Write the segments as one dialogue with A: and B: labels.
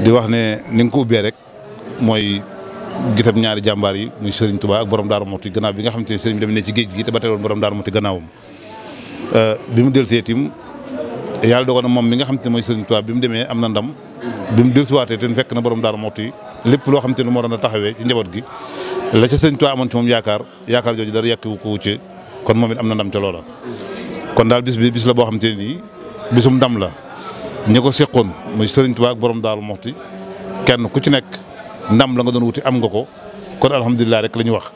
A: di wax ne ni nga ko ubbee rek mooy gisam ñaari jàmbaar yi muy Serigne Touba ak borom Darou Mouhty gannaaw bi nga xam te ne Serigne bi ne ci géej gi te ba teewoon borom Darou Mouhty gannaawam euh, bi mu dellusee tim yàlla dogal na moom mi nga xam te ne mooy Serigne Touba bi mu demee am na ndam. bi mu dellusiwaatee te fekk na borom Darou Mouhty lépp loo xam te ne moo doon taxawee ci njaboot gi la ca Serigne Touba moom yaakaar yaakaar jooju dara yàkkiwu ko wucce kon moom it am na ndam te loola. kon daal bis bi bis la boo xam te nii bisum ndam la. ñi ko seqoon muy Serigne Touba ak borom Daaru Moxti kenn ku ci nekk ndam la nga doon wuti am nga ko kon alhamdulilah rek la ñu wax.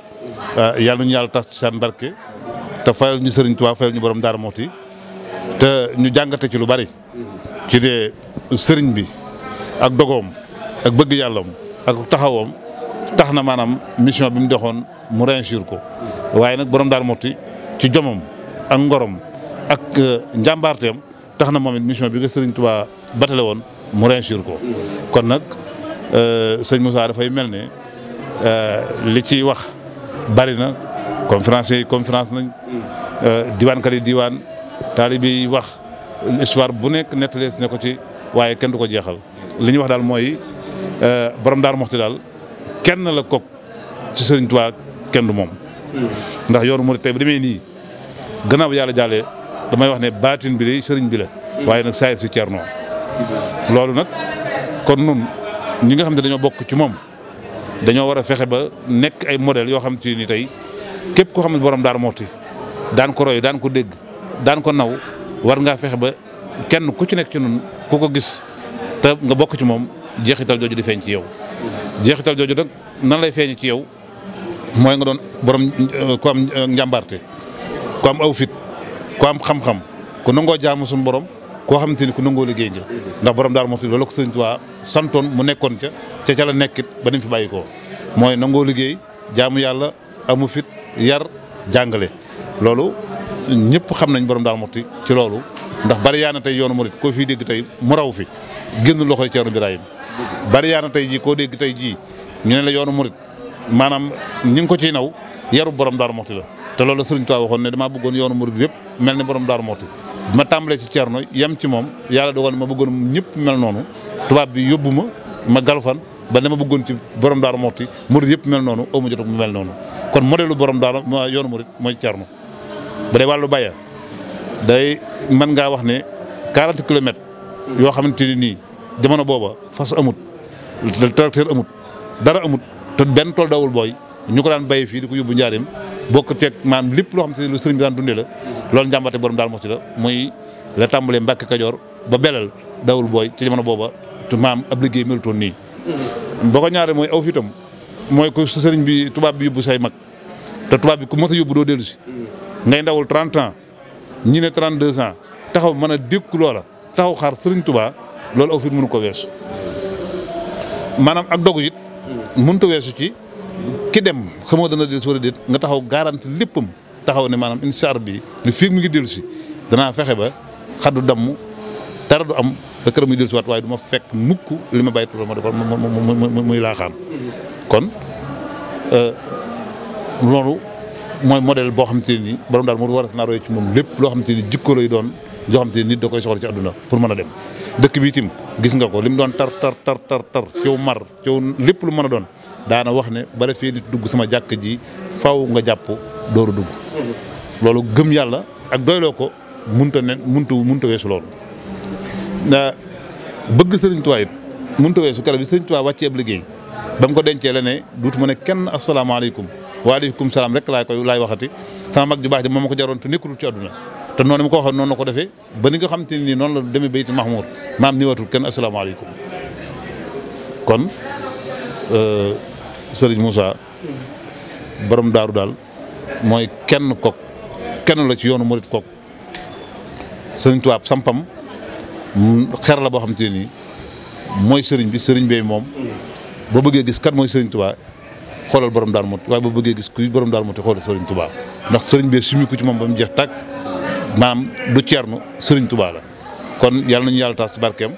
A: Ah, yàlla ñu yàlla tas ci seen barke te fayal ñu Serigne Touba fayal ñu borom Daaru Moxti te ñu jàngate ci lu bari ci de sëriñ bi ak dogoom ak bëgg yàllam ak taxawoom tax na maanaam mission bi mu doxoon mu réussir ko waaye nag borom Daaru Moxti ci jomam ak ngorom ak euh, njàmbaarteem tax na moom mission bi nga sëriñ Tuubaa batale woon mu réussir ko kon nag euh, sëñ Moussa dafay mel ne euh, li ci wax bari na conférence yi conférence nañ euh, diwaankat yi diwaan taalibe yi wax histoire bu nekk nettalees ne ko ci waaye kenn du ko jeexal li ñuy wax daal mooy borom Daaru Muxti daal kenn la kook ci sëriñ Tuubaa kenn du moom hmm. ndax yoonu murid tey bu demee nii gannaaw yàlla jàllee damay wax ne baatin bi de sëriñ bi la. waaye nag saayir si Cerno loolu nag kon nun ñi nga xam ne dañoo bokk ci moom dañoo war a fexe ba nekk ay modèle yoo xam te ni tey képp koo xam ne borom moo Muxti daan ko roy daan ko dégg daan ko naw war ngaa fexe ba kenn ku ci nekk ci nun ku ko gis te nga bokk ci moom jeexital jooju di feeñ ci yow. jeexital jooju nag nan lay feeñ ci yow mooy nga doon borom ku am eh, njàmbaarte ku am aw ku am xam-xam ku nangoo jaamu suñu borom koo xamante ni ku nangoo liggéey nga ndax borom daal moo ti loolu ko sëñ Tuubaa santoon mu nekkoon ca ca ca la nekkit ba ni fi bàyyi ko mooy nangoo liggéey jaamu yàlla amu fit yar jàngale loolu ñëpp xam nañ borom daal moxti ci loolu ndax bari yaa na tey yoonu murit koo fii dégg tey mu raw fi génn loxoy Ceerno Birahim bari yaa na tey jii koo dégg tey ji ñu ne la yoonu murit maanaam ñi ko ciy naw yaru borom daal moxti la te loolu la Sëriñ Tuubaa waxoon ne damaa bëggoon yoonu murid yëpp mel ni borom Daaru Muxti bi ma tàmbalee ci Ceerno yem ci moom yàlla dogal ma bëggoon ñëpp mel noonu tubaab bi yóbbu ma ma galfan ba ma bëggoon ci borom Daaru Muxti murid yëpp mel noonu aw ma jot mu mel noonu kon modèle borom Daaru yoonu murid mooy Ceerno ba dee wàllu baya day mën ngaa wax ne 40 kilomètres yoo xamante ni nii jamono booba fas amut tracteur amut dara amut te benn tool dawul booy ñu ko daan bay fii di ko yóbbu njaareem bokk teeg maam lépp loo xam si lu sëriñ bi daan dundee la loolu njàmbate borom daal moxti la muy la tàmbalee mbakk Kajoor ba beleel dawul booy ci jamono booba te maam ab liggéey melutoon nii boo ko ñaaree mooy aw fitam mooy ko sëriñ bi tubaab bi yóbbu say mag te tubaab bi ku mos a yóbbu doo dellu si ngay ndawul 30 ans ñi ne 32 ans taxaw mën a dékku loola taxaw xaar sëriñ tubaa loolu aw fit mënu ko weesu maanaam ak dogu it mënut a weesu ci ki dem sama dana dellu si war a déet nga taxaw garanti léppam taxaw ne maanaam incha allah bii ne fii mu ngi dellu si danaa fexe ba xaddu damm dara du am ba këram muy dellu waat waaye du ma fekk mukk li ma bàyyi turam ma defoon muy laaxaan kon euh, loolu mooy modèle boo xam te ne nii borom daal moo war a roy moom lépp loo xam ni jikko doon joo te ni nit da koy soxla ci àdduna pour mën a dem dëkk bi itam gis nga ko li mu doon tar tar tar tar tar coow mar coow lépp lu mën a doon daana wax ne bala fee nit dugg sama jàkk ji faw nga jàpp dooru dugg loolu gëm yàlla ak doyloo ko munta nen munta munta weesu loolu bëgg sëriñ Tuubaa it munta weesu keroog bi sëriñ Tuubaa wàccee ab liggéey ba mu ko dencee la ne duutu ma ne kenn asalaamaaleykum waaleykum salaam rek laay koy laay waxati sama mag ju baax ji moom ma ko jaroon te nekkatul ci àdduna te noonu ma ko waxoon noonu la ko defee ba ni nga xam te ni noonu la demee bayti Mahmoud maam niwatul kenn asalaamaaleykum euh, sëriñ Moussa borom daaru daal mooy kenn kok kenn la ci yoonu murit kok sëriñ tubaab sampam xer la boo xam te nii mooy sëriñ bi sëriñ bi moom boo bëggee gis kat mooy sëriñ tubaa xoolal borom daaru moti waaye boo bëggee gis ku borom daaru moti xoolal sëriñ tubaa ndax sëriñ bi sumi ko ci moom ba mu jeex tàkk maanaam du ceernu sëriñ tubaa la kon yàlla nañu yàlla taas ci barkeem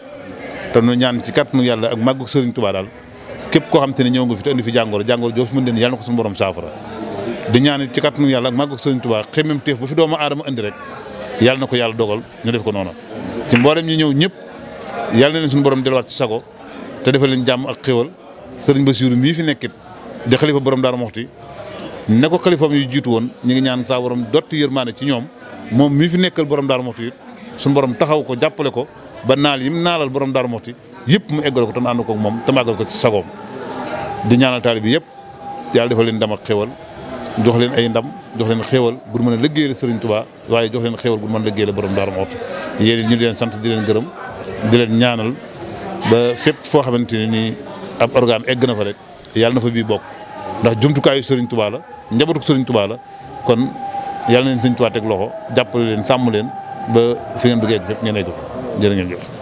A: te nu ñaan ci kat nu yàlla ak màggu sëriñ tubaa daal képp koo xam te ne ñëw nga fi te indi fi jàngoro jàngoro joo fi mën den yàlla na ko suñu borom saafara di ci kattanu yàlla ak màggu Sëriñ Tuubaa xemmem téef bu fi doomu aadama indi rek na ko yàlla dogal ñu def ko noonu ci mboolem ñi ñëw ñëpp yàlla na leen suñu borom delluwaat ci sago te defal leen jàmm ak xéwal sëriñ ba Basiiru mii fi nekkit di xalifa borom Daaru Muxti ne ko xalifaam yu jiitu woon ñu ngi ñaan saa borom dotti yërmaane ci ñoom moom mii fi nekkal borom Daaru Muxti it suñu borom taxaw ko jàppale ko ba naal yim naalal borom Daaru Muxti yépp mu eggale ko te mu ànd moom te ko ci sagoom di ñaanal taali bi yëpp yàlla defal leen ndam ak jox leen ay ndam jox leen xéwal ma mën a liggéeyal Serigne Touba waaye jox leen xéwal bu mën a liggéeyal borom Darou Mouhty yéen ñu di leen sant di leen gërëm di leen ñaanal ba fépp foo xamante ne nii ab organe egg na fa rek yàlla na fa bii bokk ndax jumtukaayu Serigne Touba la njabootu sëriñ tubaa la kon yàlla nañ Serigne Touba teg loxo jàppale leen sàmm leen ba fi ngeen bëggee egg fépp ngeen egg ko